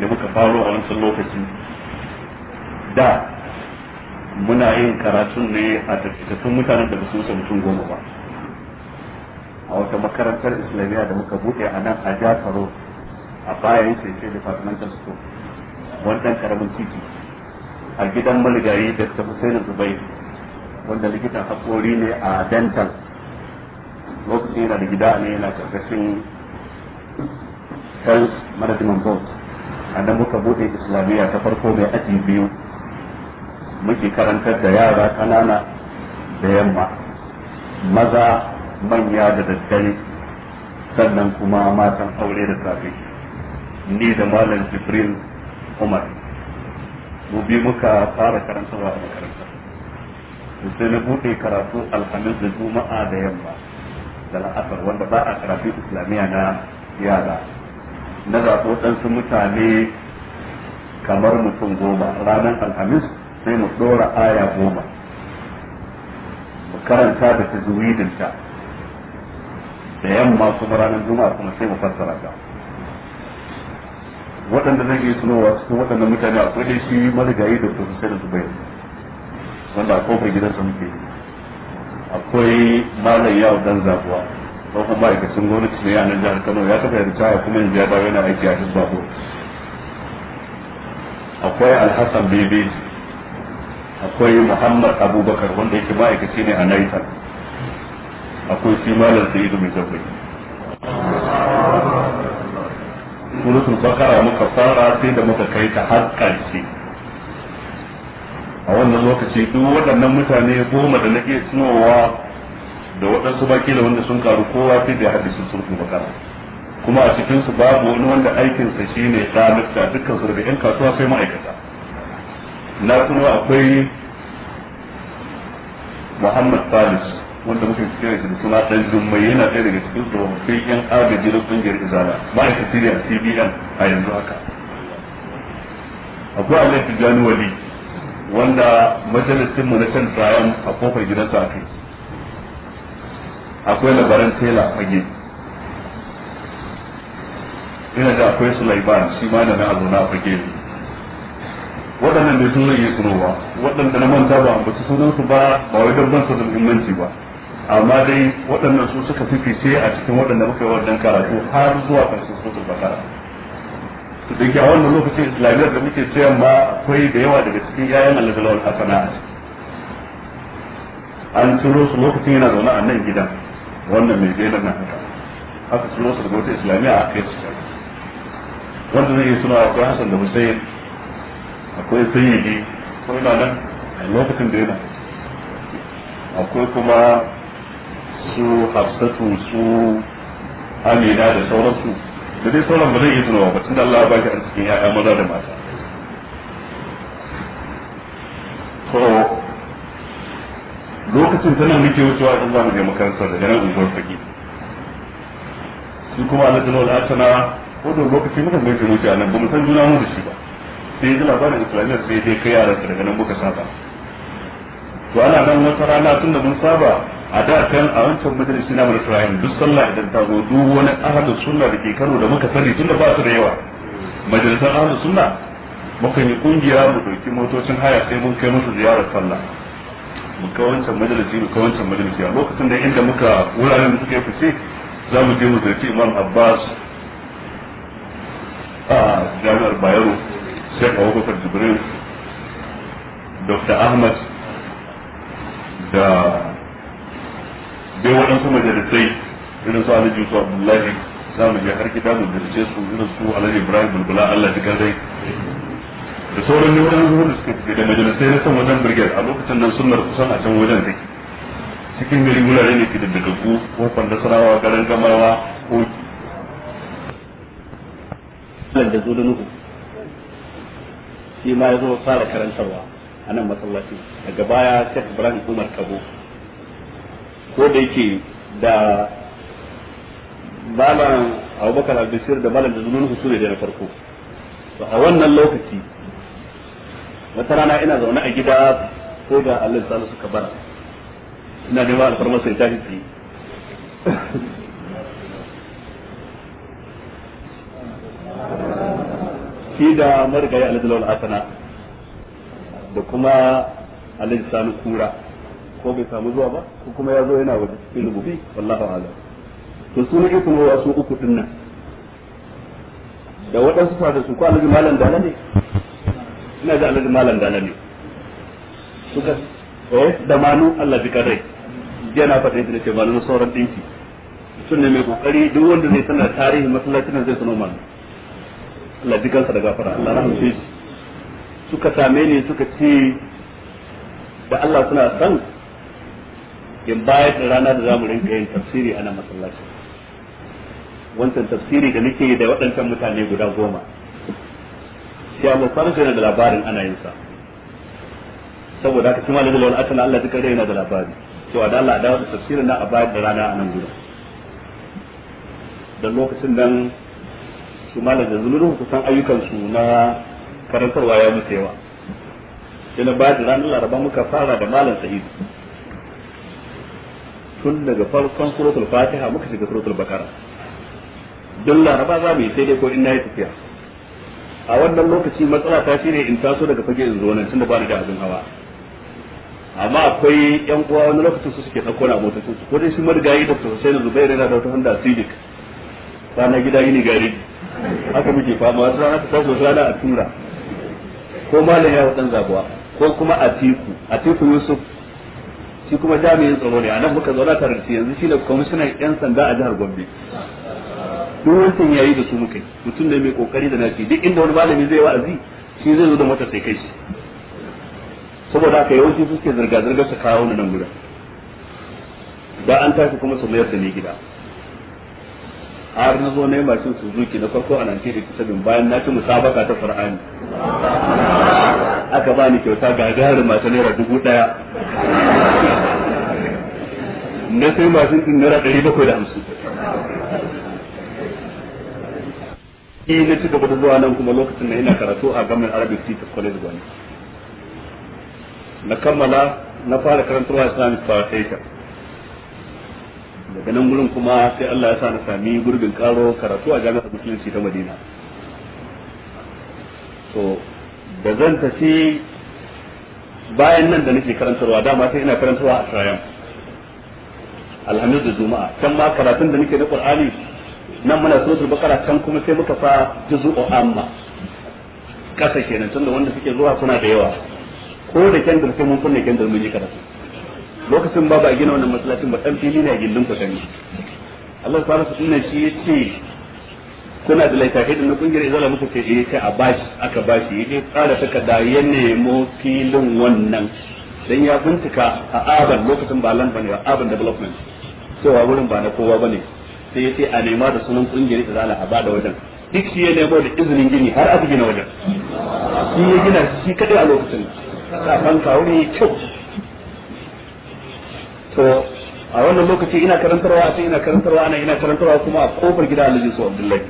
da muka faro a wancan lokaci da muna yin karatun ne a tattatattun mutanen da ba wuce mutum goma ba a wata makarantar islamiyya da muka buɗe a nan a jakaro a bayan sai departmental school wannan karamin titi a gidan marigayi da ta Hussein wanda likitan haƙori ne a dental lokacin yana da gida ne yana karkashin health management board a nan muka bude islamiyya ta farko mai aji biyu muke karantar da yara kanana da yamma maza manya da daddare sannan kuma matan aure da safe ni da malam jibril umar mu bi muka fara karantarwa a makaranta sai na bude karatu alhamis da juma'a da yamma da la'asar wanda ba a karatu islamiyya na yara na zaɓi waɗansu mutane kamar mutum goma ranar alhamis sai mu ɗora aya goma mu karanta da ta zuwidinta da yamma kuma ranar juma'a kuma sai mu fassara ta waɗanda zai yi sunowa cikin waɗanda mutane akwai dai shi marigayi da su bayan wanda a kofar gidansa muke akwai malayi yau dan zabuwa tsohon ma'aikacin gwamnati ne a nan jihar kano ya taɓa yarda kuma yanzu ya dawo yana aiki a babu akwai alhassan bibi akwai muhammad abubakar wanda yake ma'aikaci ne a naitan akwai shi malam sa'idu mai zabai suratul bakara muka fara sai da muka kai ta har ƙarshe a wannan lokaci duk waɗannan mutane goma da nake tunowa da waɗansu baki da wanda sun karu kowa fi da hadisin sulhul bakara kuma a cikinsu babu wani wanda aikinsa sa ne dalilta dukkan su daga yan kasuwa sai ma'aikata na kuma akwai Muhammad Salis wanda muke kira shi da suna ɗan Jummai yana ɗaya daga cikin tsofaffin yan agaji da ƙungiyar Izala ma'aikaci ne a CBN a yanzu haka akwai alaifin januwali wanda majalisinmu mu na can tsayan a kofar gidansa a kai akwai labaran tela fage ina da akwai laiban shi ma da na zauna na fage waɗannan da sun rage sunowa waɗanda na manta ba sunan sunansu ba ba wai don ban su da muhimmanci ba amma dai waɗannan su suka fice a cikin waɗanda muka yi waɗannan karatu har zuwa ƙarshen suratul bakara da ke a wannan lokacin islamiyyar da muke cewa ma akwai da yawa daga cikin yayan alazalawar hasana a ciki an ciro su lokacin yana zaune a nan gidan wannan mai bela na haka haka su su da wata islamiyya a kai su wanda zai yi suna akwai hasan da musayin akwai ne ko na nan a lokacin da yana akwai kuma su hafsatu su amina da sauransu da dai sauran ba zai yi suna ba tunda Allah ba baki a cikin ya'ya maza da mata lokacin tana muke wucewa in za mu je makarantar da nan unguwar fage shi kuma alhaji a asana ko da lokaci muka gaisa wuce a nan ba mu san juna mu da shi ba sai ji labarin islamiyya sai dai kai yaran daga nan muka saba to ana nan wata rana tun da mun saba a da kan a wancan majalisi na Ibrahim duk sallah idan ta zo duk wani ahadu sunna da ke kano da muka sani tunda ba su da yawa majalisar ahadu sunna muka yi kungiya mu dauki motocin haya sai mun kai musu ziyarar sallah mu ka majalisi mu ka majalisi a lokacin da inda muka wuraren da suka yi fice za mu je mu zarci imam abbas a jami'ar bayero sai a abubakar jibril dr ahmad da bai waɗansu majalisai irin su alhaji su abdullahi za mu je har gida mu zarce su irin su alhaji ibrahim bulbula allah ji dai da sauran ne wajen zuwa da suka tafi da majalisai na san wajen birgiyar a lokacin nan sunnar kusan a can wajen take cikin gari wurare ne ke da dagaggu ko sarawa garin gamawa ko da zo da nuhu shi ma ya zo fara karantarwa a nan masallaci daga baya shek ibrahim umar kabo ko da yake da malam abubakar albisir da malam da zunuhu su ne da na farko a wannan lokaci wata rana ina zaune a gida ko da Allah sanu suka bara ina neman alfarma sai tafi tsaye shi da marigayi alhaji lawal asana da kuma alhaji sanu kura ko bai samu zuwa ba ko kuma ya zo yana waje cikin rububi wallahu ala to su ne kuma wasu uku dinnan da waɗansu fata su kwanar alhaji malam dala ne ina ga alhaji malam dana ne suka eh da manu Allah bi kadai yana fadin shi da ce malamin sauran dinki sunne mai kokari duk wanda zai sanar tarihi masallacin zai sanar manu Allah bi kansa da gafara Allah rahmu shi suka same ni suka ce da Allah suna san. in bayar da rana da zamu rinka yin tafsiri ana masallaci wancan tafsiri da nake da waɗancan mutane guda goma ya musar musarar yana da labarin ana yin sa saboda haka kuma da wal asala Allah duka rai yana da labari cewa da Allah da tafsirin na abai da rana a nan gida da lokacin nan su malam da zulu ku san ayyukan su na karantarwa ya musu yawa sai na bayar da ranar laraba muka fara da malam sa'id tun daga farkon suratul fatiha muka shiga suratul bakara don laraba za mu yi sai dai ko in na tafiya a wannan lokaci matsala ta ne in taso daga fage in zo nan tunda ba ni da abin hawa amma akwai yan uwa wani lokacin su suke tsakona a motocin su ko dai shi marigayi da Hussein Zubairu yana da wata Honda Civic na gida ne gari haka muke fama wasu rana ta taso rana a tura ko malam ya wadan zabuwa ko kuma a tiku a tiku Yusuf shi kuma jami'in tsaro ne a nan muka zauna tare da shi yanzu shi ne kwamishinan yan sanda a jihar Gombe duk wancan ya yi da su muka yi mutum ne mai kokari da naci duk inda wani malami zai wa'azi shi zai zo da mota sai kai shi saboda haka yawanci wancan suke zirga zirga su kawo nan guda ba an tafi kuma su mayar da ni gida har na zo na yi mashin suzuki na farko a 1987 bayan na ci musabaka ta far'ani. aka bani kyauta ga gagarin mata naira dubu daya na sai mashin din naira ɗari bakwai da hamsin eh na ci gaba da zuwa nan kuma lokacin na ina karatu a gamin Arabic Teachers College Gwani na kammala na fara karantarwa Islamic Foundation daga nan gurin kuma sai Allah ya sa na sami gurbin karo karatu a jami'ar musulunci ta Madina to da zan tafi bayan nan da nake karantarwa dama sai ina karantarwa a shayan alhamis da juma'a can ma karatun da nake na Qur'ani nan muna suratul bakara kan kuma sai muka fa juzu'u amma kasa kenan tunda wanda suke zuwa suna da yawa ko da kendir sai mun kunna kendir mun yi karatu lokacin ba ba gina wannan masallacin ba dan fili ne a gindin ku sani Allah ta rasu sunan shi yace kuna da laifi da na kungiyar izala muka ce eh kai a bashi aka bashi yaje tsara takarda ya nemo filin wannan dan ya bintika a aban lokacin ba lan bane ba aban development cewa wurin ba na kowa bane sai ya ce a nema da sunan kungiyar za a da wajen duk shi ya nemo da izinin gini har aka gina wajen shi ya gina shi kadai a lokacin kafan kawo ne kyau to a wannan lokaci ina karantarwa a ina karantarwa ana ina karantarwa kuma a kofar gida Alhaji Su Abdullahi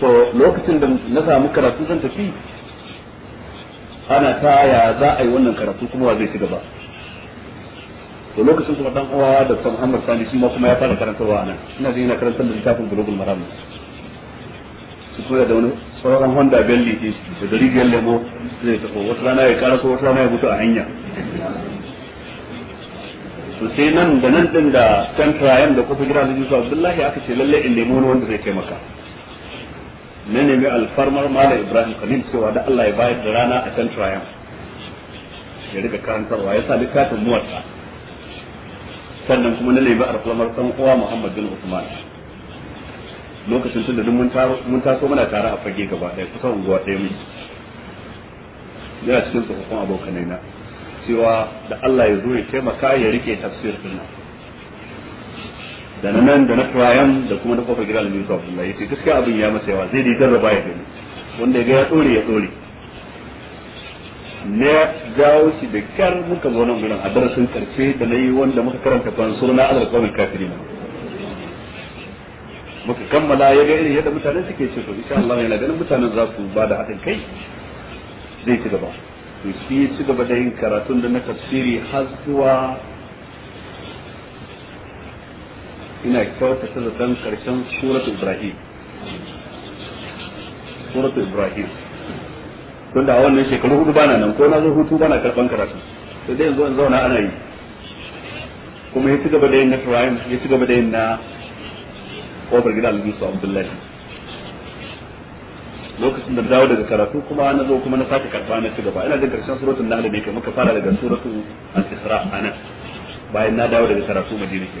to lokacin da na samu karatu zan tafi ana ta ya za a yi wannan karatu kuma wa zai ci gaba to lokacin su dan uwa da san Ahmad Sani shi ma kuma ya fara karantarwa anan ina ji ina karantar da littafin Global Maram su koya da wani sauran Honda Bentley din da dari biyar lemo zai tafi wata rana ya karaso wata rana ya mutu a hanya to sai nan da nan din da kan trayan da Kofi Gidan da Yusuf Abdullahi aka ce lalle in nemi ne wanda zai taimaka na nemi alfarmar Malam Ibrahim Khalil cewa da Allah ya bayar da rana a kan trayan ya riga karantarwa ya sa littafin muwatta sannan kuma na laiba arsalamar dan uwa Muhammad bin Usman lokacin tun da mun mun taso mana tare a fage gaba ɗaya kusa unguwa ɗaya mu yana cikin tsofaffin abokanai na cewa da Allah ya zo ya taimaka ya rike tafsir din nan da na nan da na turayen da kuma na kofar gidan Yusuf Abdullahi yace gaskiya abin ya masa yawa zai dai jarraba ya gani wanda ya ga ya dore ya dore na jawo shi da kyar muka zo nan gurin a darasin karfe da na yi wanda muka karanta fansur na azar kawai kafiri muka kammala ya ga irin yadda mutane suke ce to insha Allah yana ganin mutanen za su ba da haɗin kai zai ci gaba to shi ya ci gaba da yin karatun da na tafsiri har zuwa ina ta zaton karshen suratul ibrahim suratu ibrahim tun da wannan shekaru hudu bana nan ko na zo hutu bana karban karatu to dai yanzu an zauna ana yi kuma ya ci gaba da yin na Ibrahim ya ci gaba da yin na kofar gida Albisu Abdullahi lokacin da dawo daga karatu kuma na zo kuma na sake karba na ci gaba ina da karshen suratul na halibai kai muka fara daga suratul al-isra nan bayan na dawo daga karatu madina ke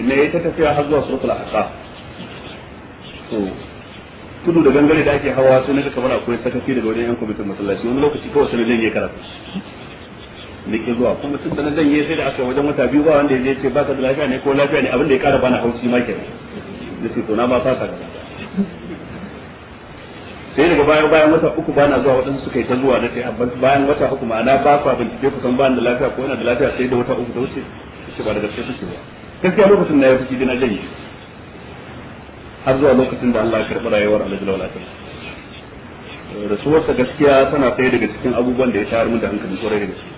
inna ita tafiya har zuwa suratul ahqaf to tudu da gangare da ake hawa sai naga kamar akwai sakaci daga wajen yan kwamitin masallaci wani lokaci kawai sai zan yi karatu ne ke zuwa kuma tun da na zan yi sai da aka wajen wata biyu ba wanda ya ce ba ka da lafiya ne ko lafiya ne abin da ya kara bana haushi ma kenan da ce tona na ma fasa ga sai daga bayan bayan wata uku ba na zuwa waɗansu suka yi ta zuwa na ce ah, bayan wata uku ma'ana ba ku bincike ku san ba da lafiya ko yana da lafiya sai da wata uku ta wuce ce ba da gaske suke ba gaskiya lokacin na ya fi na janye har zuwa lokacin da Allah ya karɓi rayuwar Alhaji Lawal Asali rasuwarsa gaskiya tana ɗaya daga cikin abubuwan da ya tayar mu da hankali kwarai da gaske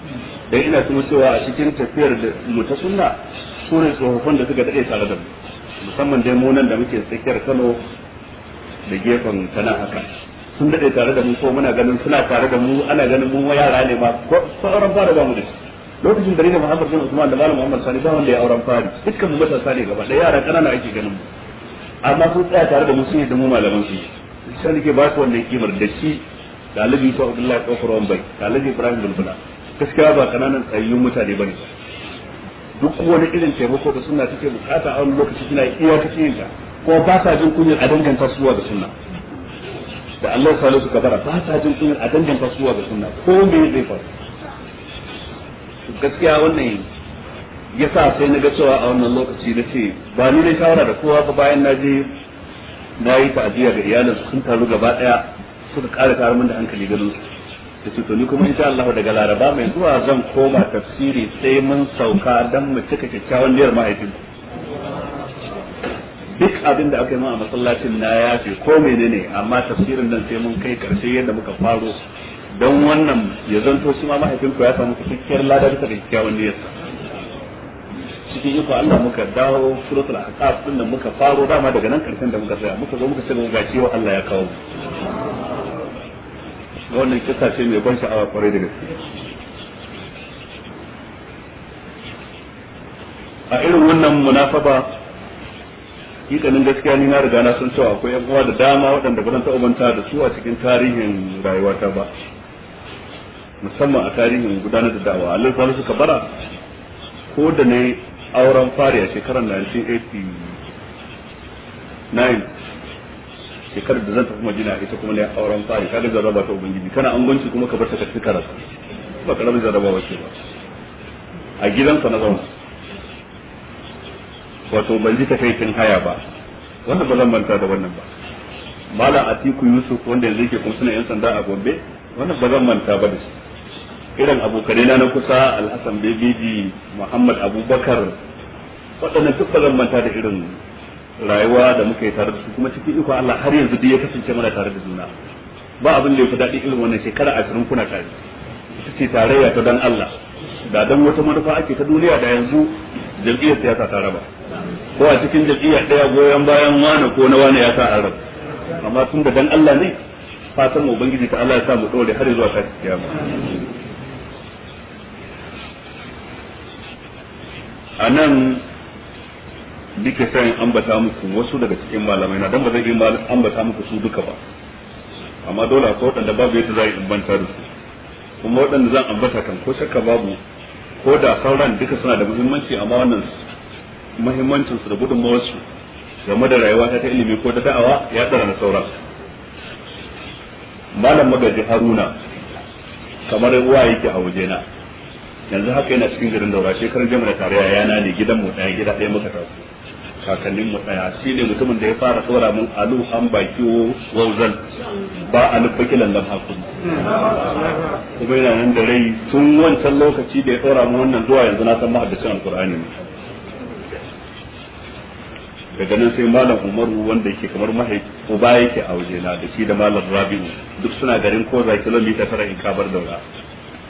dan ina kuma cewa a cikin tafiyar da mu ta sunna su ne tsofaffin da suka daɗe tare da mu musamman dai mu nan da muke tsakiyar Kano da gefen kana haka sun daɗe tare da mu ko muna ganin suna tare da mu ana ganin mu yara ne ma ko sauran fara ba mu da shi lokacin da ni da Muhammad bin Usman da Malam Muhammad Sani ba wanda ya auren fari dukkan mu matasa ne gaba da yara kanana ake ganin mu amma sun tsaya tare da musu sun yadda mu malaman shi sai nake ba su wannan kimar da shi dalibi ta Abdullahi Kofar bai dalibi Ibrahim Bulbula gaskiya ba kananan tsayayyun mutane bane duk wani irin taimako da sunna take bukata a wani lokaci kina iya ta cikin ta ko ba sa jin kunyar a danganta suwa da sunna da Allah ya salo su kabara ba sa jin kunyar a danganta suwa da sunna ko me zai faru gaskiya wannan ya sa sai na ga cewa a wannan lokaci na ce ba ni ne shawara da kowa ba bayan na je na yi ta'aziyya ga iyalinsu sun taru gaba daya suka ƙara karar min da hankali ganin su da su ni kuma insha Allah daga Laraba mai zuwa zan koma tafsiri sai mun sauka dan mu cika kyakkyawan niyyar mahaifin duk abin da aka yi a masallacin na ya ce ko menene amma tafsirin nan sai mun kai karshe yadda muka faro don wannan ya zanto shi ma mahaifinku ya samu cikakkiyar lada da ga kyakkyawan niyyarsa cikin iko Allah muka dawo suratul ahqaf din nan muka faro dama daga nan karshen da muka tsaya muka zo muka ce ga cewa Allah ya kawo wannan kisa ce mai ban sha'awa kwarai da gaske a irin wannan munafaba hikanin gaskiya ni na riga na san cewa akwai yan uwa da dama waɗanda ba zan taɓa manta da su a cikin tarihin rayuwata ba musamman a tarihin gudanar da dawa Allah ya suka bara ko da ne auren fari a shekarar 1989 shekarar da zan tafi majina ita kuma ne auren fari kaga jarraba ta ubangiji kana an gunci kuma ka bar ta tafi karasa ba karamin jarraba ba wace ba a gidansa na zauna wato ban ji ta kaifin haya ba wanda ba zan manta da wannan ba mala atiku yusuf wanda yanzu ke kuma suna yan sanda a gombe wannan ba zan manta ba da shi irin abokane na na kusa alhassan bebiji muhammad abubakar waɗannan duk ba zan manta da irin rayuwa da muka yi tare da su kuma cikin iko Allah har yanzu duk ya kasance mana tare da juna ba abin da ya fi daɗi irin wannan shekara ashirin kuna tare ita ce tarayya ta dan Allah da dan wata manufa ake ta duniya da yanzu jam'iyyar siyasa ta raba ko a cikin jam'iyyar ɗaya goyon bayan wani ko na wani ya sa an raba amma tun da dan Allah ne fatan ubangiji ta Allah ya sa mu dole har zuwa ta kiyama a nan duke sayin ambata muku wasu daga cikin malamai na dan ba zai yi ambata muku su duka ba amma dole akwai waɗanda babu yadda za a yi da su kuma waɗanda zan ambata kan ko shakka babu ko da sauran duka suna da muhimmanci amma wannan muhimmancin su da gudun su game da rayuwa ta ilimi ko da da'awa ya tsara na sauran malam magaji haruna kamar Waye yake a wajena yanzu haka yana cikin garin daura shekarun jami'ar tarayya yana ne gidan mu ɗaya gida ɗaya muka tafi kakannin mu ɗaya shi ne mutumin da ya fara tsora mun alu an baki wauzal ba nufa kilan lam hakun kuma yana nan da rai tun wancan lokaci da ya tsora mun wannan zuwa yanzu na san mahaddacin alkur'ani ne daga nan sai malam umaru wanda yake kamar mahaifi uba yake a na da shi da malam rabi'u duk suna garin koza kilomita tara in kabar daura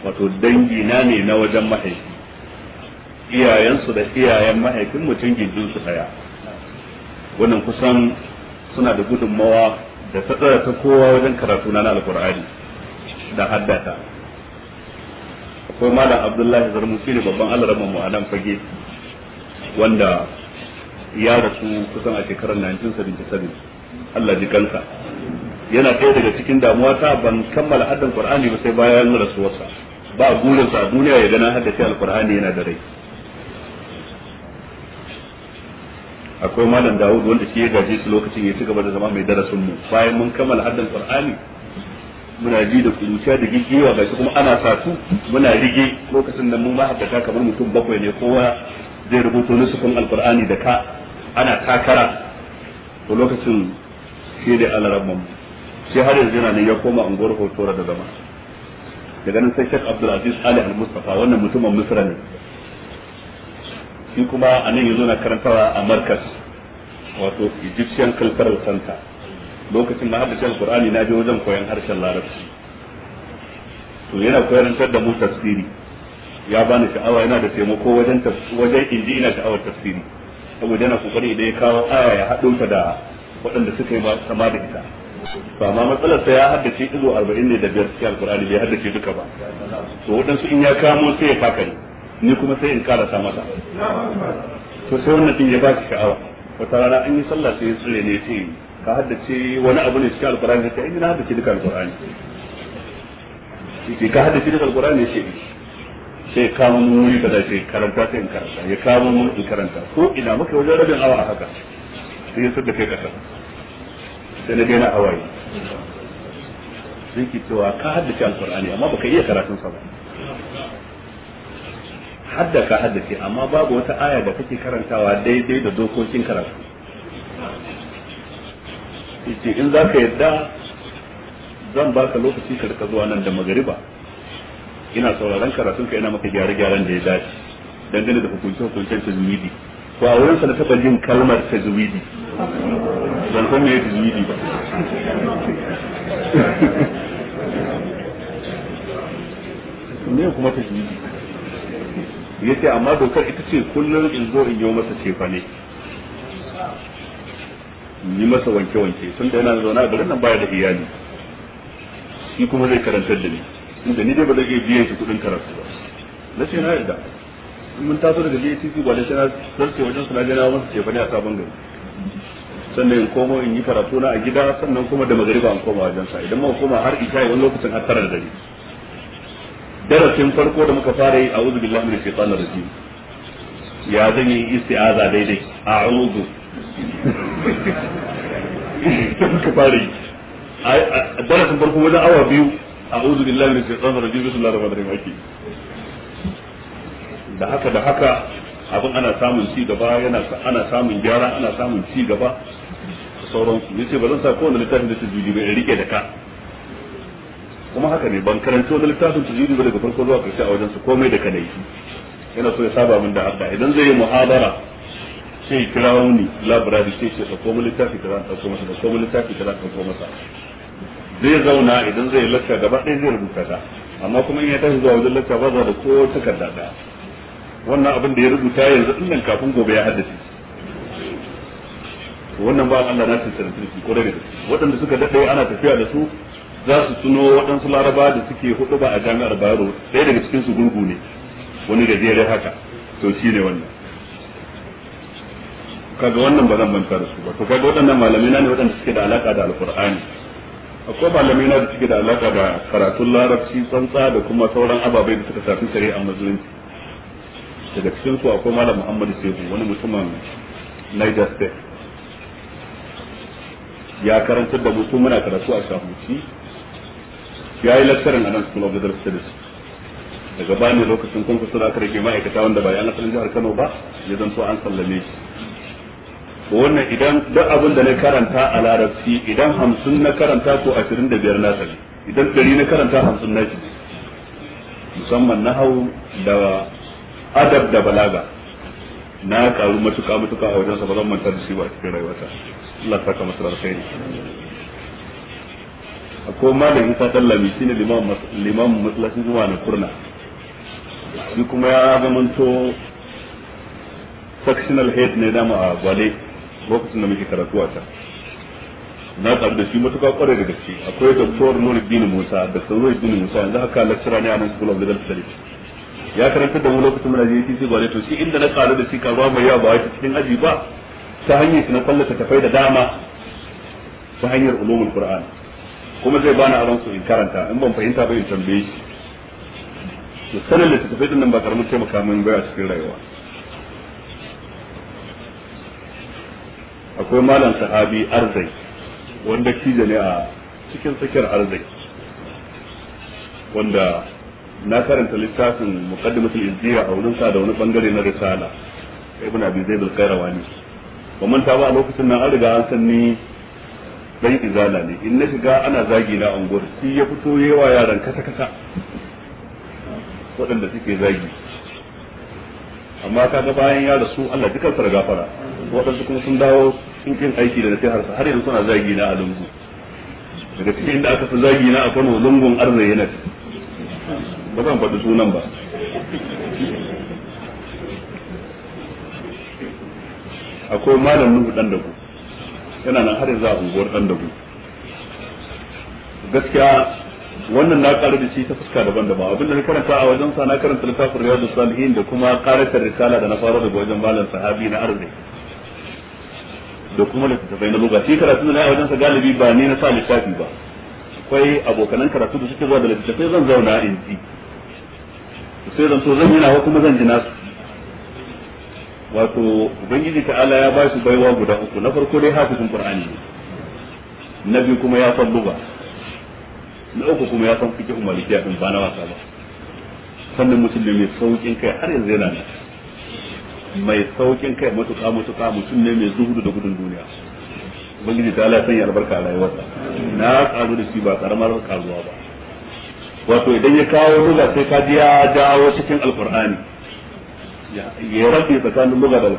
wato dangi na ne na wajen mahaifi iyayensu da iyayen mahaifin mutum gindin su daya wannan kusan suna da gudunmawa da ta tsara ta kowa wajen karatu na alkur'ani da haddata akwai malam abdullahi zarmu shi ne babban alaraman mu a nan fage wanda ya rasu kusan a shekarar 1977 Allah ji kansa yana ɗaya daga cikin damuwa ta ban kammala haddan qur'ani ba sai bayan rasuwarsa ba burinsa a duniya ya gana haddace alkur'ani yana da rai akwai malam dawud wanda shi ya gaje su lokacin ya ci gaba da zama mai darasin mu bayan mun kammala haddan qur'ani muna ji da kuruciya da gigiwa gashi kuma ana satu muna rige lokacin da mun ma haddaka kamar mutum bakwai ne kowa zai rubuto nusufin alkur'ani da ka ana takara to lokacin shi da alarabban sai har yanzu yana ne ya koma unguwar hotora da zama daga nan sai Sheikh Abdul Aziz Ali Al-Mustafa wannan mutumin Misra ne shi kuma a nan zo na karantawa a Markas wato Egyptian Cultural Center lokacin na hadisi qurani na je wajen koyon harshen Larabci to yana koyar da mu tafsiri ya bani sha'awa yana da taimako wajen wajen inji ina sha'awar tafsiri saboda yana kokari idan ya kawo aya ya haɗo da waɗanda suka yi sama da ita ba ma matsalar sa ya haddace izo 40 da biyar cikin alkur'ani bai haddace duka ba to wadansu in ya kamo sai ya faka ni ni kuma sai in karasa masa to sai wannan din ya ba shi sha'awa wata rana an yi sallah sai ya tsire ne sai ka haddace wani abu ne cikin alqur'ani sai in na haddace duka alkur'ani sai ka haddace duka alqur'ani sai sai kama mun wuri kaza sai karanta sai in karanta ya kamo mun in karanta ko ina maka wajen rabin awa haka sai ya sarda kai kasa sai na ga yana hawaye sai ki cewa ka haddace alqur'ani amma baka iya karatun sa ba hadda ka haddace amma babu wata aya da kake karantawa daidai da dokokin karatu yace in za ka yadda zan baka lokaci ka rika zuwa nan da magariba ina sauraron karatun ka ina maka gyare-gyaren da ya dace dangane da hukunce-hukuncen tajwidi ko a wurin sa na taba jin kalmar tajwidi ban san me ya tajwidi ba ne kuma tajwidi yace amma dokar ita ce kullum in zo in yi masa cefa ne yi masa wanke-wanke tun da yana zaune a garin nan baya da iyali shi kuma zai karantar da ni inda ni dai ba zai iya biyan shi kudin karatu ba na ce na yarda mun taso daga JTC ba da shi na zarce wajen suna jana masa cefa ne a sabon gari sannan in komo in yi karatu na a gida sannan kuma da magariba an koma wajen sa idan mun koma har isha wani lokacin har tara da dare darasin farko da muka fara yi a'udhu billahi minash shaitanir rajim ya zan yi isti'aza daidai a'udhu muka fara yi darasin farko wajen awa biyu a'udhu billahi minash shaitanir rajim bismillahir rahmanir rahim da haka da haka abin ana samun ci gaba yana ana samun gyara ana samun ci gaba sauransu ya ce ba zan sa kowane littafin da tajwidi ba ya rike da ka kuma haka ne ban karanci wani littafin tajwidi ba daga farko zuwa karshe a wajen su komai da ka yi yana so ya saba min da haka idan zai yi muhabara sai kira wani labirari sai ce sako mu littafi kaza ko masa sako mu littafi kaza ko masa zai zauna idan zai lakka gaba ɗaya zai rubuta ta amma kuma in ya tashi zuwa wajen lakka ba za da ko takarda ɗaya wannan abin da ya rubuta yanzu ɗin kafin gobe ya haddace wannan ba Allah na tantance kirki ko da waɗanda suka dade ana tafiya da su za su tuno waɗansu laraba da suke hudu ba a jami'ar Bayero sai daga cikin su gurgu ne wani gajere haka to shine wannan kaga wannan ba zan manta da su ba to kaga waɗannan malamai na ne waɗanda suke da alaka da alqur'ani akwai malamai na da suke da alaka da karatun larabci tsantsa da kuma sauran ababai da suka shafi shari'a musulunci daga cikin su akwai malam Muhammad Shehu wani mutumin Niger State ya karantar da mutum muna karatu a shahuci ya yi lakcarin a nan su kuma gudar studies daga bani lokacin kun kusa da aka rage ma'aikata wanda ba yan asalin jihar kano ba ya zanto an sallame shi wannan idan duk abin da na karanta a larabci idan hamsin na karanta ko ashirin da biyar na sani idan ɗari na karanta hamsin na shi musamman na hau da adab da balaga na karu matuka matuka a wajensa ba zan manta da shi ba a cikin rayuwata Allah saka masa da alkhairi akwai malam ta Dallami shine limam limam masallacin zuwa na Kurna shi kuma ya zamanto sectional head ne dama a Gwale lokacin da muke karatu a na karu da shi matuka kware da gaske akwai Dr. bin Musa da Dr. Nuruddin Musa yanzu haka lecturer ne a nan School of Legal Studies ya karanta da mu lokacin muna je titi gwale to shi inda na karu da shi karuwa mai yawa ba wai cikin aji ba ta hanyar shi kwallata tafai da dama ta hanyar ulumul qur'an kuma zai bani aron su in karanta in ban fahimta ba in tambaye shi to sanin da tafai din nan ba karamin taimaka min ba a cikin rayuwa akwai malam sahabi arzai wanda kije ne a cikin tsakiyar arzai wanda na karanta littafin muqaddimatul izziya a wurin sa da wani bangare na risala ibn abi zaid al-qayrawani ba mun ba a lokacin nan an riga an san ni dan izala ne in na shiga ana zagi na anguwar shi ya fito yawa yaran kasa kasa waɗanda suke zagi amma kaga bayan ya rasu Allah dukkan sa gafara Waɗanda kuma sun dawo sun kin aiki da nasihar sa har yanzu suna zagi na a lungu daga cikin da aka fi zagi na a Kano lungun arzai yana ba zan faɗi sunan ba akwai malam nuhu da dagu yana nan har yanzu a unguwar da dagu gaskiya wannan na ƙara da shi ta fuska daban-daban abinda na karanta a wajen sa na karanta littafin riyadu salihin da kuma ƙarashin risala da na fara daga wajen malam sahabi na arziki da kuma littattafai na lugha shi karatu na a wajen sa galibi ba ni na sa littafi ba akwai abokanan karatu da suke zuwa da littattafai zan zauna in ji sai zan so zan yi nawa kuma zan ji nasu wato ubangiji ala ya ba shi baiwa guda uku na farko dai hafizin qur'ani ne na biyu kuma ya san lugha na uku kuma ya san fiqh malikiya din ba na wasa ba sannan musulmi mai saukin kai har yanzu yana nan mai saukin kai matuƙa matuƙa mutum ne mai zuhudu da gudun duniya ubangiji ta Allah sanya albarka a rayuwarsa na karu da shi ba karamar karuwa ba wato idan ya kawo luga sai ka ji ya dawo cikin alqur'ani ya rabe tsakanin luga da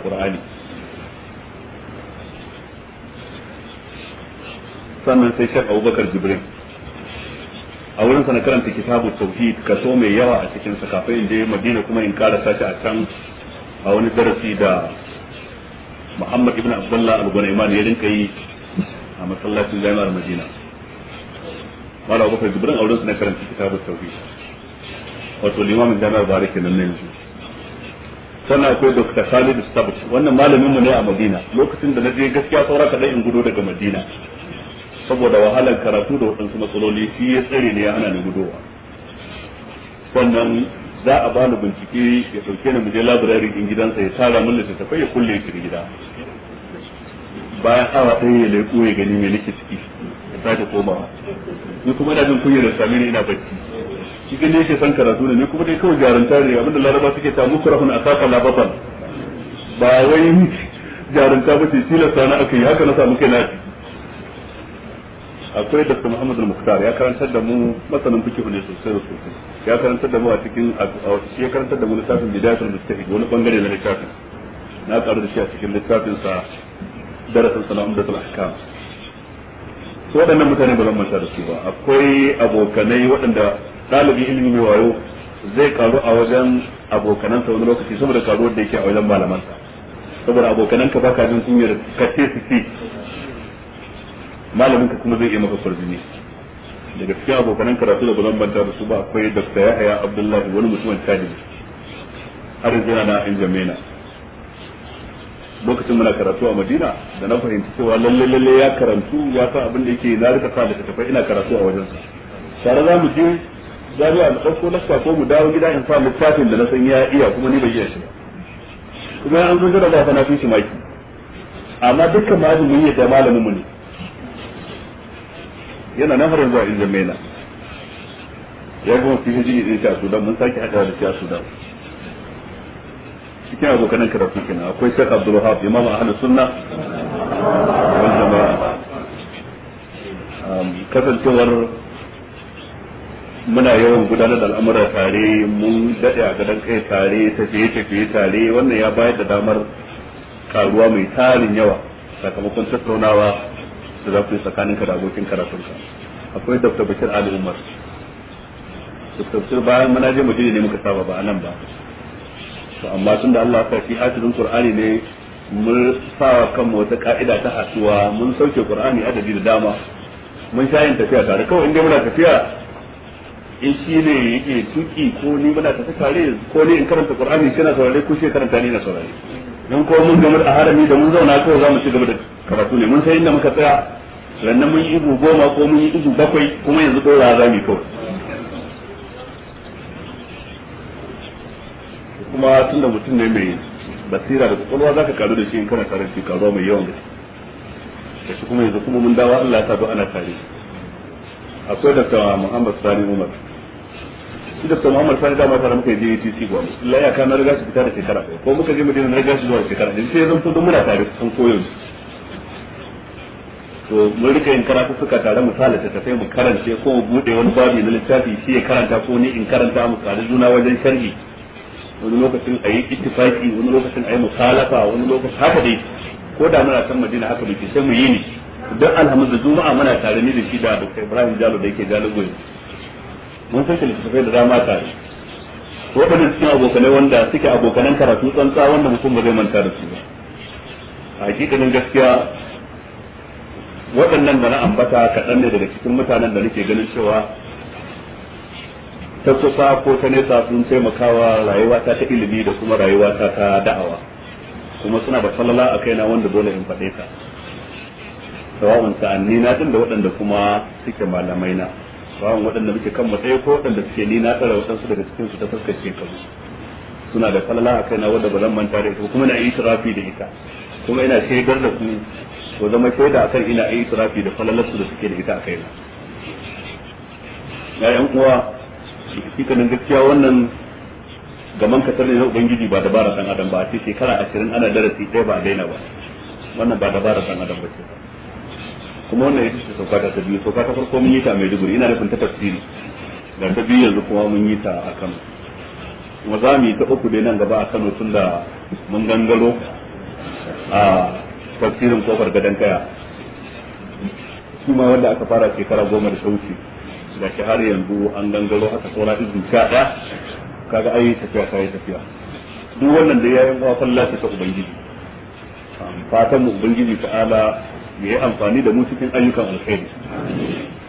sannan sai shek abubakar jibrin a wurin sa na karanta kitabu tauhid kaso mai yawa a cikin kafin in je madina kuma in kara sashi a can a wani darasi da muhammad ibn abdullah al-gunaiman ya rinka yi a masallacin jami'ar madina mala bakar jibrin auren su na karanta kitabun tauhid wato limamin jami'ar bare kenan ne yanzu sannan akwai dr khalid stabbs wannan malamin mu ne a madina lokacin da na je gaskiya saura kaɗai in gudo daga madina saboda wahalar karatu da waɗansu matsaloli shi ya tsare ne ya hana ni gudowa sannan za a ba bani bincike ya sauke ni mu je labirari in gidansa ya tara min littattafai ya kulle shi gida bayan awa ɗaya ya leƙo ya gani mai nake ciki da sake komawa ni kuma ina jin kunya da sami ne ina bacci cikin ne yake san karatu ne ni kuma dai kawai jarunta ne abinda laraba suke ta muku rahun a saka labatan ba wai jarunta ba ce tilasta na aka yi haka na samu kai na akwai su muhammadu muktar ya karantar da mu masanin fiki ne sosai da sosai ya karantar da mu a cikin shi ya karantar da mu littafin bidayatul mustahid wani bangare na littafin na karu da shi a cikin littafin sa darasin sana'um da ahkam su waɗannan mutane ba zan manta da su ba akwai abokanai waɗanda ɗalibi ilimi mai wayo zai karu a wajen abokanansa wani lokaci saboda karuwar da yake a wajen malamansa saboda ka baka jin kunyar ka ce su ci malamin ka kuma zai iya maka farjini daga cikin abokanan karatu da ba zan manta da su ba akwai dr yahaya abdullahi wani mutumin tajiri har yanzu yana na in lokacin muna karatu a Madina da na fahimci cewa lalle lalle ya karantu ya san abin da yake na rika sa littattafai ina karatu a wajen sa tare za mu je zaru a ɗauko lakka ko mu dawo gida in sa littafin da na san ya iya kuma ni bai iya shi kuma an zo jira ba fa na fi shi maki amma dukkan yi yadda malamin mu ne yana nan har yanzu injin maina ya gama fi hijiri ɗin shi a Sudan mun sake haɗa da shi a Sudan cikin abokan karatu kenan akwai Sheikh Abdul Wahab Imam Ahlus Sunna wal Jama'a um, kasancewar muna yawan gudanar da al'amura tare mun daɗe a gadon kai tare tafiye-tafiye tare wannan ya bayar da damar karuwa mai tarin yawa sakamakon tattaunawa da za ku yi tsakaninka da abokin karatunka akwai dr bashir ali umar dr bashir bayan muna je mu ne muka saba ba a nan ba su amma tun da Allah ka shi hafizin Qur'ani ne mun sa kanmu wata ka'ida ta hasuwa mun sauke Qur'ani adadi da dama mun sha yin tafiya tare kawai inda muna tafiya in shi ne yake tuki ko ni muna tafi tare ko ni in karanta Qur'ani shi na saurare ko shi karanta ni na saurare dan ko mun gamar a harami da mun zauna kawai za mu ci gaba da karatu ne mun sai inda muka tsaya sannan mun yi ibu goma ko mun yi ibu bakwai kuma yanzu dora za mu kawai kuma da mutum ne mai basira da kwakwalwa ka karu da shi in kana tare da shi karuwa mai yawan gaske da shi kuma yanzu kuma mun dawa Allah ya sa ana tare akwai da Muhammad Sani Umar shi da Muhammad Sani dama tare muka je ATC gwa Allah ya kana riga shi fita da shekara ko muka je Madina na riga shi zuwa shekara da sai zan fito muna tare san koyon to mun rika yin karatu suka tare misali ta tafi mu karance ko mu bude wani babi na littafi shi ya karanta ko ni in karanta mu tare juna wajen sharhi wani lokacin a yi ittifaki wani lokacin a yi musalafa wani lokacin haka dai ko da muna san madina haka ke sai mu yi ne don alhamis da juma'a muna tare ni da shi da dr ibrahim jalo da yake jalo goyi mun san littattafai da dama tare waɗannan cikin abokanai wanda suke abokanan karatu tsantsa wanda mutum ba zai manta da su ba a hakikanin gaskiya waɗannan da na ambata kaɗan ne daga cikin mutanen da nake ganin cewa ta kusa ko ta nesa sun taimakawa rayuwa ta ta ilimi da kuma rayuwa ta ta da'awa kuma suna da falala a kaina wanda dole in faɗe ta sawa'un ta'anni na din da waɗanda kuma suke malamai na sawa'un waɗanda muke kan matsayi ko waɗanda suke ni na tsara waɗansu daga cikin su ta fuskar shekaru suna da falala a kaina wanda ba zan manta da ita kuma na yi tirafi da ita kuma ina shaidar da ku ko zama shaida akan ina yi tirafi da falalarsu da suke da ita a kaina ya yan uwa hikanin gaskiya wannan gaman kasar ne na ubangiji ba dabara san adam ba ce shekara ashirin ana darasi ɗaya ba daina ba wannan ba dabara san adam ba ce kuma wannan ita ce sauka ta biyu sauka ta farko mun yi ta mai duburi ina da ta tafsiri ga ta biyu yanzu kuma mun yi ta a kano kuma za mu yi ta uku dai nan gaba a kano tun da mun gangaro a tafsirin kofar gadon kaya kuma wanda aka fara shekara goma da ta wuce ba shi har yanzu an gangaro aka saura izin sha ɗaya kaga ai tafiya ta yi tafiya duk wannan da yi wa fallaci ta ubangiji fatan mu ubangiji ta'ala ya yi amfani da mu cikin ayyukan alkhairi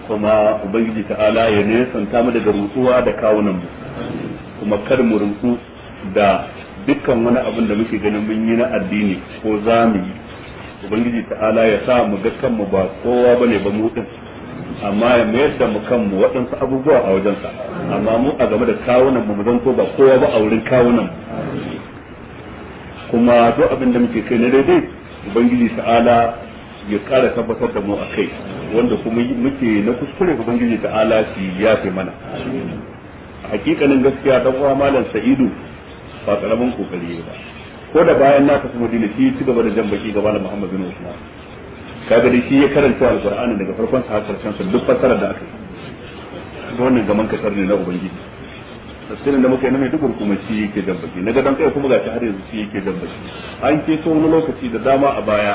kuma ubangiji ta'ala ya ne santa mu daga rutsuwa da kawunan mu kuma kar mu rutsu da dukkan wani abin da muke ganin mun yi na addini ko zamu yi ubangiji ta'ala ya sa mu ga kanmu ba kowa bane ba mu amma ya mayar da mu kanmu waɗansu abubuwa a wajensa amma mu a game da kawunan mu zanto ba kowa ba a wurin kawunan kuma duk abin da muke kai na daidai ubangiji ta'ala ya ƙara tabbatar da mu a kai wanda kuma muke na kuskure ubangiji ta'ala shi ya fi mana hakikanin gaskiya ta kuma malam sa'idu ba karamin kokari ba ko da bayan na tafi madina shi ci gaba da jan baki gaba da muhammad bin usman kaga dai shi ya karanta alqur'ani daga farkon sa har karshen sa duk fassarar da aka yi ga wannan gaman kasar ne na ubangiji tafsirin da muka yi na mai dubur kuma shi yake dabbaci na gadon kai kuma gashi har yanzu shi yake dabbaci an ke so wani lokaci da dama a baya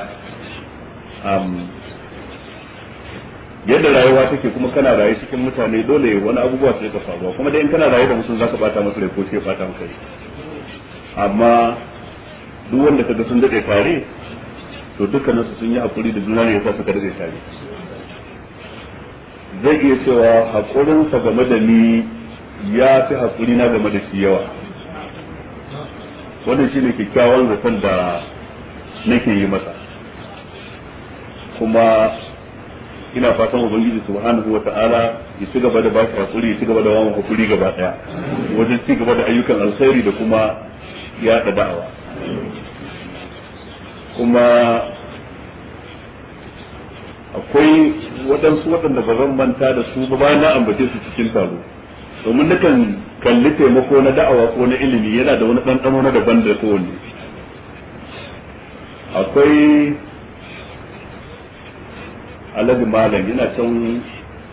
yadda rayuwa take kuma kana raye cikin mutane dole wani abubuwa su ka faruwa kuma dai in kana raye da mutum zaka bata masa rai ko sai bata maka rai amma duk wanda kaga sun dade tare to dukkanin su sun yi hakuri da juna ne yasa suka rage tare zai iya cewa hakurin sa game da ni ya fi hakuri na game da shi yawa wannan shine kikkiawan zaton da nake yi masa kuma ina fatan ubangiji subhanahu wa ta'ala ya ci gaba da ba shi hakuri ya ci gaba da wa hakuri gaba daya wajen ci gaba da ayyukan alkhairi da kuma ya da'awa kuma akwai waɗansu waɗanda ba zan manta da su ba bayan na ambace su cikin taro domin nakan kalli taimako na da'awa ko na ilimi yana da wani ɗanɗano na daban da kowanne akwai alhaji malam yana can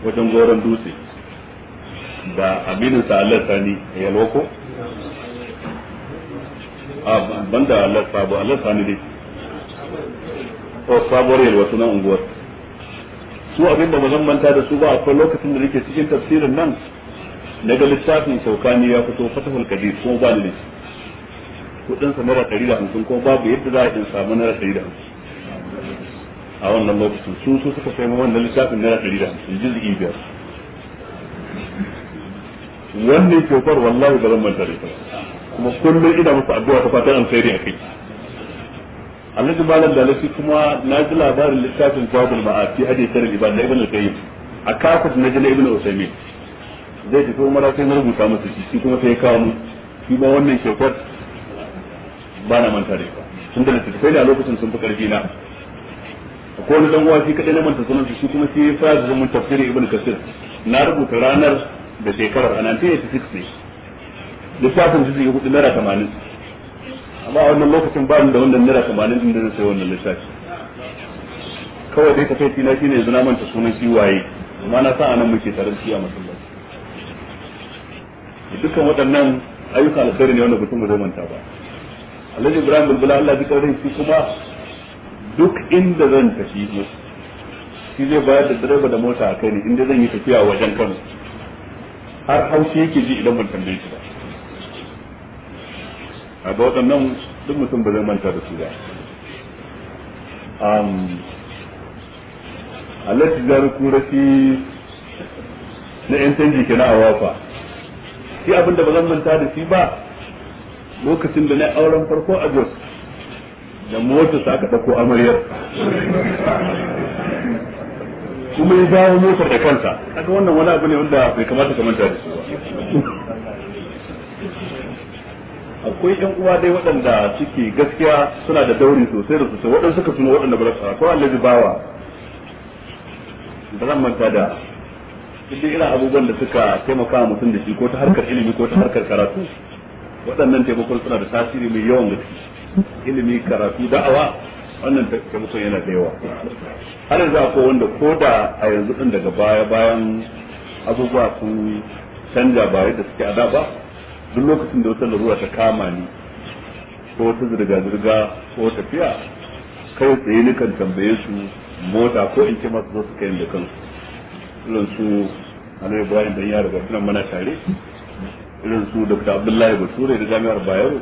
wajen goron dutse da aminin sa Allah sani yalwako a ah, banda Allah sabo Allah sani dai to oh, sabuwar yalwa sunan unguwar su abin da bazan manta da su ba akwai lokacin da nake cikin tafsirin nan na ga littafin saukani ya fito fatahul kadir kuma ba ni kudin sa naira 150 kuma babu yadda za a in samu naira 150 a wannan lokacin su su suka sai wannan littafin naira 150 juz'i biyar wannan kyautar wallahi ba zan manta da ita kuma kullum ina musu addu'a ta fatan alheri a kai annabi malam dalafi kuma na ji labarin littafin babul ma'a fi hadi sirri ibad da ibn al-qayyim a kafat na ji na ibn usaymin zai tafi umara sai na rubuta masa shi shi kuma sai ya kawo mu shi ba wannan shekwar ba na manta da ita tun da littattafai da lokacin sun fi karfi na akwai wani dan uwa shi kadai na manta sunan shi kuma sai ya fara zaman tafsirin ibn kasir na rubuta ranar da shekarar a 1986 ne littafin shi zai hudu naira 80 amma a wannan lokacin ba da wannan naira tamanin din da zan sai wannan lissafi kawai dai takaici na shine yanzu na manta sunan shi waye amma na sa anan muke tare da shi a masallaci dukkan waɗannan ayyuka alkhairi ne wanda mutum ba zai manta ba Alhaji Ibrahim Bulbula Allah ji zai shi kuma duk inda zan tafi shi zai bayar da direba da mota a kai ne inda zan yi tafiya wajen kan har haushi yake ji idan ban tambaye shi ba a ga waɗannan duk mutum ba manta da su ba alati zaru kurafi na yan canji kenan a wafa shi abin da manta da shi ba lokacin da na auren farko a jos da mota sa aka ɗauko amaryar kuma ya dawo motar da kansa Aka wannan wani abu ne wanda bai kamata ka manta da shi akwai yan uwa dai waɗanda suke gaskiya suna da dauri sosai da sosai waɗanda suka suna waɗanda ba su ko Allah bawa da zan manta da duk irin abubuwan da suka taimaka mutum da shi ko ta harkar ilimi ko ta harkar karatu waɗannan taimakon suna da tasiri mai yawan gaske ilimi karatu da'awa wannan taimakon yana da yawa har yanzu akwai wanda ko da a yanzu din daga baya bayan abubuwa sun canja ba yadda suke a ba duk lokacin da wata larura ta kama ni ko wata zirga-zirga ko tafiya kawai tsaye ni kan tambaye su mota ko in kima su zo su kayan da kansu irin su hannun ibrahim dan yara gafi nan mana tare irin su dr abdullahi bature da jami'ar bayero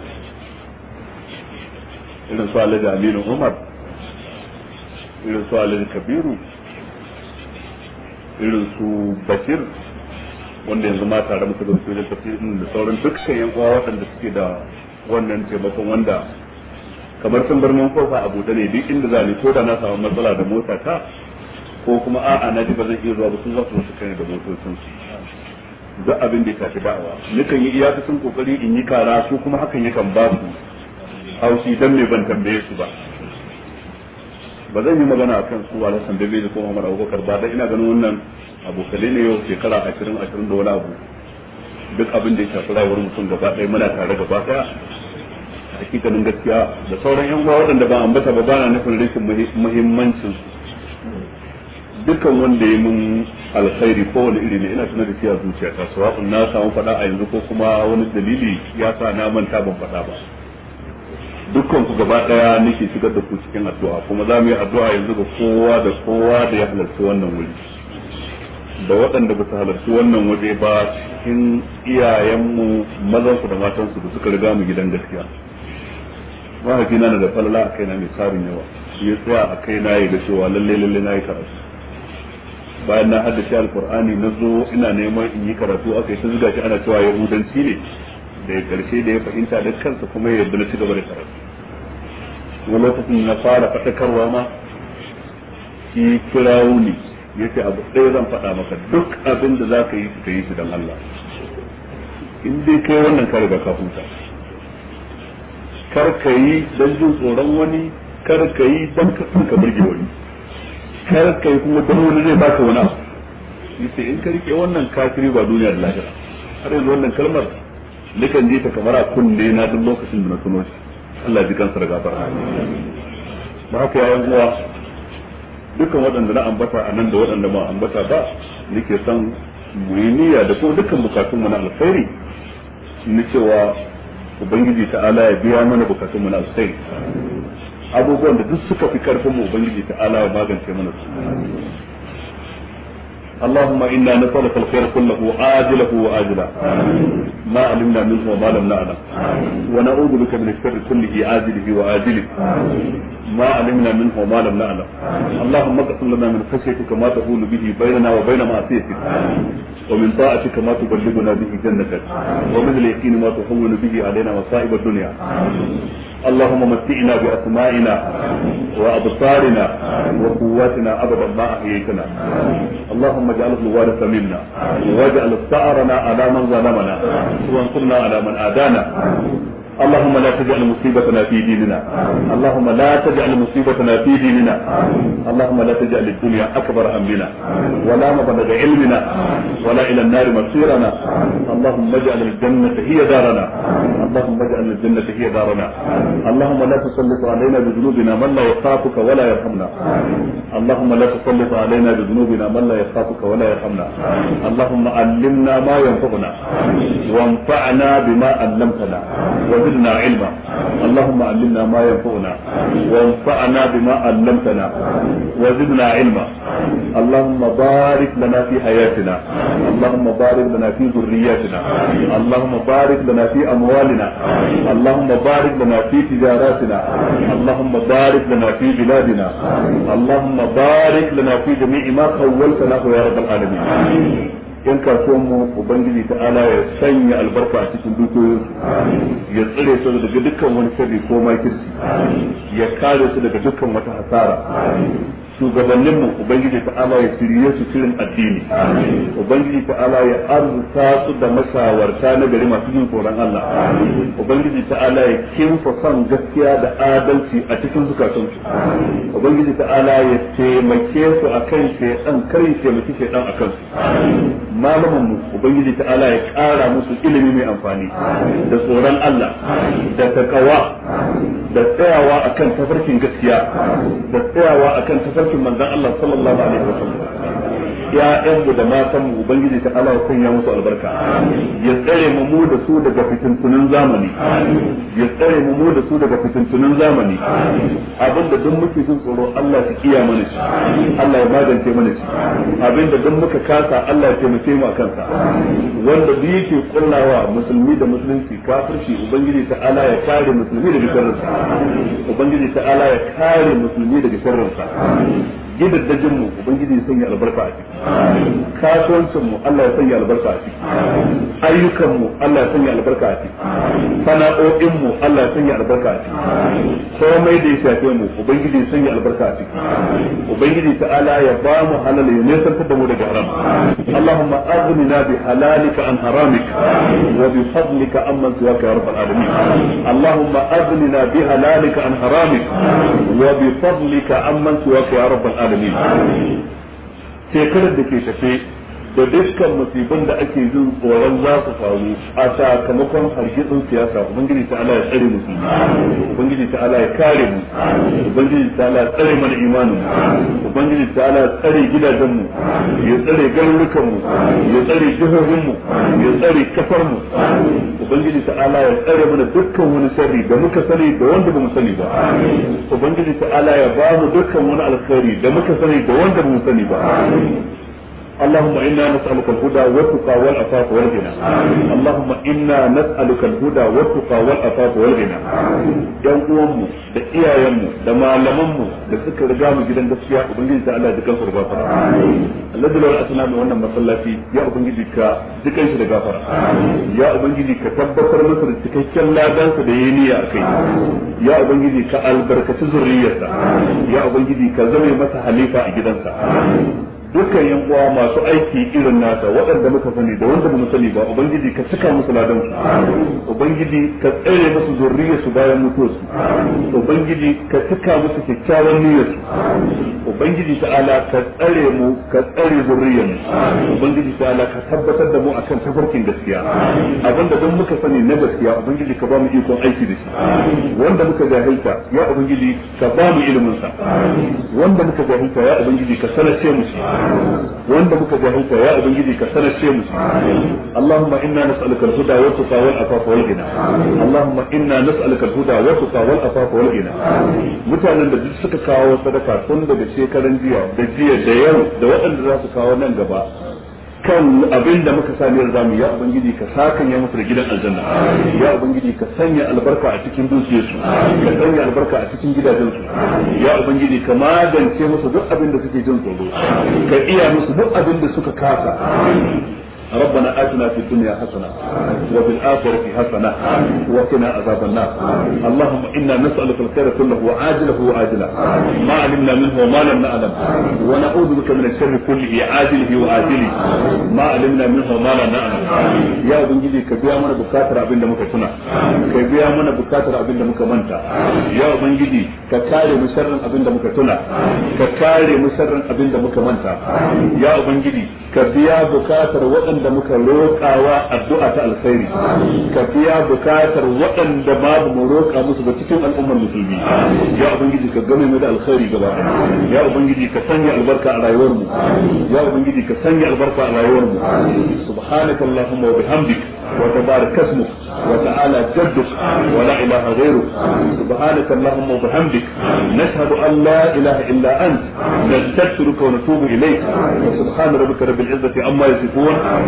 irin su alhaji aminu umar irin su alhaji kabiru irin su bashir wanda yanzu ma tare muka da su da da sauran dukkan yan uwa waɗanda suke da wannan taimakon wanda kamar sun bar man kofa abu da ne duk inda za ni ko da na samu matsala da mota ta ko kuma a'a na ji ba zan iya zuwa ba sun za su kai da motocin su duk abin da ya tafi da'awa nukan yi iyakacin kokari in yi kara su kuma hakan yakan ba su haushi dan me ban tambaye su ba ba zan yi magana a kan su alhassan bebe da kuma umar abubakar ba dan ina ganin wannan abokale ne yau shekara ashirin ashirin da wani abu duk abin da ya shafi rayuwar mutum gaba ɗaya muna tare gaba ɗaya hakikanin gaskiya da sauran yan uwa waɗanda ba ambata ba bana nufin rashin muhimmancin dukkan wanda ya mun alkhairi ko wani iri ne ina tuna da siya zuciya. ta sawa'un na samu faɗa a yanzu ko kuma wani dalili ya sa na manta ban faɗa ba dukkan ku gaba daya nake shigar da ku cikin addu'a kuma za mu yi addu'a yanzu ga kowa da kowa da ya halarci wannan wuri da waɗanda ba su halarci wannan waje ba cikin iyayenmu mazan su da matan su da suka riga mu gidan gaskiya mahaifina na da falala a kaina mai tarin yawa shi ya tsaya a kaina ya ga cewa lalle lalle na yi karatu bayan na haddace alkur'ani na zo ina neman in yi karatu aka yi ta zuga shi ana cewa yahudanci ne daga karshe da ya fahimta da kansa kuma ya yarda na cigaba da karatu wani lokacin na fara fatakarwa ma shi kirawo ne ya ce abu ɗaya zan faɗa maka duk abin da za ka yi su ka yi su don Allah in dai kai wannan kare ga ka huta kar ka yi don jin tsoron wani kar ka yi don ka ka burge wani kar ka yi kuma don wani zai baka wani abu yace in ka rike wannan kafiri ba duniya da lahira har yanzu wannan kalmar likan ji ta kamar a kunne na duk lokacin da na tuno shi Allah ji kansa da gafar ba haka yayin uwa dukkan waɗanda na ambata a nan da waɗanda ma ambata ba nake son mu yi niyya da kuma dukkan bukatunmu na alkhairi ni cewa ubangiji ta'ala ya biya mana bukatunmu na alkhairi abubuwan da duk suka fi karfin mu ubangiji ta'ala ya magance mana su اللهم انا نسالك الخير كله عاجله واجله ما علمنا منه وما لم نعلم ونعوذ بك من الشر كله عاجله واجله ما علمنا منه وما لم نعلم اللهم اقسم لنا من خشيتك ما تقول به بيننا وبين معصيتك ومن طاعتك ما تبلغنا به جنتك ومن اليقين ما تهون به علينا مصائب الدنيا اللهم متعنا بأسمائنا وأبصارنا وقواتنا أبدا ما أحييتنا اللهم اجعل الوارث منا واجعل ثأرنا على من ظلمنا وانصرنا على من آدانا اللهم لا تجعل مصيبتنا في ديننا اللهم لا تجعل مصيبتنا في ديننا اللهم لا تجعل الدنيا اكبر همنا ولا مبلغ علمنا ولا الى النار مصيرنا اللهم اجعل الجنه هي دارنا اللهم اجعل الجنه هي دارنا اللهم لا تسلط علينا بذنوبنا من لا يخافك ولا يرحمنا اللهم لا تسلط علينا بذنوبنا من لا يخافك ولا يرحمنا اللهم علمنا ما ينفعنا وانفعنا بما علمتنا وزدنا علما اللهم علمنا ما ينفعنا وانفعنا بما علمتنا وزدنا علما اللهم بارك لنا في حياتنا اللهم بارك لنا في ذرياتنا اللهم بارك لنا في اموالنا اللهم بارك لنا في تجاراتنا اللهم بارك لنا في بلادنا اللهم بارك لنا في جميع ما خولت له يا رب العالمين yan kasuwan mu ubangiji ta ala ya sanya albarka a cikin dukiyoyin ya tsire su daga dukkan wani sirri ko makirci ya kare su daga dukkan wata hasara shugabannin ubangiji ta ala ya shirye su shirin addini ubangiji ta ala ya arzuta su da mashawarta na gari masu jin tsoron Allah ubangiji ta ala ya kinfa son gaskiya da adalci a cikin zukatun su ubangiji ta ala ya taimake su akan shedan karin taimaki shedan akan su malaman mu ubangiji ta ala ya kara musu ilimi mai amfani da tsoron Allah da takawa da tsayawa akan tafarkin gaskiya da tsayawa akan tafarkin tafarkin manzon Allah sallallahu alaihi wasallam ƴaƴan da matanmu ubangiji ta Allah ya sanya musu albarka ya tsare mu mu da su daga fitintunan zamani ya tsare mu mu da su daga fitintunan zamani abinda duk muke jin tsoro Allah ya kiya mana shi Allah ya magance mana shi abinda duk muka kasa Allah ya taimake mu akan sa wanda duk yake kullawa musulmi da musulunci kafirci ubangiji ta Allah ya kare musulmi daga sharrinsa ubangiji ta Allah ya kare musulmi daga sharrinsa gidaddajin mu ubangiji ya sanya albarka a ciki kasuwancin mu Allah ya sanya albarka a ciki ayyukan mu Allah ya sanya albarka a ciki sana'o'in mu Allah ya sanya albarka a ciki komai da ya shafe mu ubangiji ya sanya albarka a ciki ubangiji ta'ala ya ba mu halal ya nisantar da mu daga haram اللهم أغننا بحلالك عن حرامك وبفضلك عمن سواك يا رب العالمين اللهم أغننا بحلالك عن حرامك وبفضلك عمن سواك يا رب alamin shekarar da ke tafe da dukkan musibin da ake jin tsoron za su faru a sakamakon hargitsin siyasa ubangiji ta ala ya tsare mu ubangiji ta ala ya kare mu ubangiji ta ala ya tsare mana imanin ubangiji ta ala ya tsare gidajen mu ya tsare garurukan mu ya tsare jihohin mu ya tsare kafar mu ubangiji ta ala ya tsare mana dukkan wani sharri da muka sani da wanda ba mu sani ba ubangiji ta ala ya ba mu dukkan wani alkhairi da muka sani da wanda ba mu sani ba اللهم إنا نسألك الهدى والتقى والعفاف والغنى اللهم إنا نسألك الهدى والتقى والعفاف والغنى yan uwanmu da iyayenmu da malamanmu da suka riga mu gidan gaskiya ubangiji ta Allah dukan su da gafara Allah da asna mai wannan masallaci ya ubangiji ka dukan shi da gafara ya ubangiji ka tabbatar masa da cikakken ladan da yayi niyya akai ya ubangiji ka albarkaci zuriyarsa ya ubangiji ka zame masa halifa a gidansa dukkan yan uwa masu aiki irin nasa waɗanda muka sani da wanda bamu sani ba ubangiji ka cika musu ladan su ubangiji ka tsare musu zurriyar su bayan mutuwar su ubangiji ka cika musu kyakkyawan niyyar su ubangiji ta'ala ka tsare mu ka tsare zurriyar mu ubangiji ta'ala ka tabbatar da mu akan tafarkin gaskiya abinda don muka sani na gaskiya ubangiji ka ba mu ikon aiki da shi wanda muka jahilta ya ubangiji ka ba mu ilimin sa wanda muka jahilta ya ubangiji ka sanace mu shi wanda muka jahilta ya ubangiji ka sanace mu Allahumma inna nas'aluka al-huda wa tuqa wal afafa wal ghina Allahumma inna nas'aluka al-huda wa tuqa wal afafa wal ghina mutanen da duk suka kawo sadaka tun daga shekaran jiya da jiya da yau da waɗanda za su kawo nan gaba kan abin da muka sami yar zamu ya ubangiji ka saka ya musu da gidan aljanna ya ubangiji ka sanya albarka a cikin dukiyar ka sanya albarka a cikin gidajensu ya ubangiji ka magance musu duk abin da suke jin tsoro ka iya musu duk abin da suka kasa ربنا آتنا في الدنيا حسنة وفي الآخرة حسنة وقنا عذاب النار اللهم إنا نسألك الخير كله وعاجله وآجله ما علمنا منه وما لم نعلم ونعوذ بك من الشر كله عاجله وآجله ما علمنا منه وما لم نعلم يا ka biya bukatar abin waɗanda muka roƙawa addu'a ta alkhairi ka biya bukatar waɗanda babu mu roƙa musu ba cikin al'ummar musulmi ya ubangiji ka game mu da alkhairi gaba ya ubangiji ka sanya albarka a rayuwar mu ya ubangiji ka sanya albarka a rayuwar mu subhanaka allahumma wa bihamdik wa tabarak ismuk wa ta'ala jadduk wa la ilaha ghayruk subhanaka allahumma wa bihamdik nashhadu an la ilaha illa ant nastaghfiruka wa natubu ilayk wa subhana rabbika rabbil izzati amma yasifun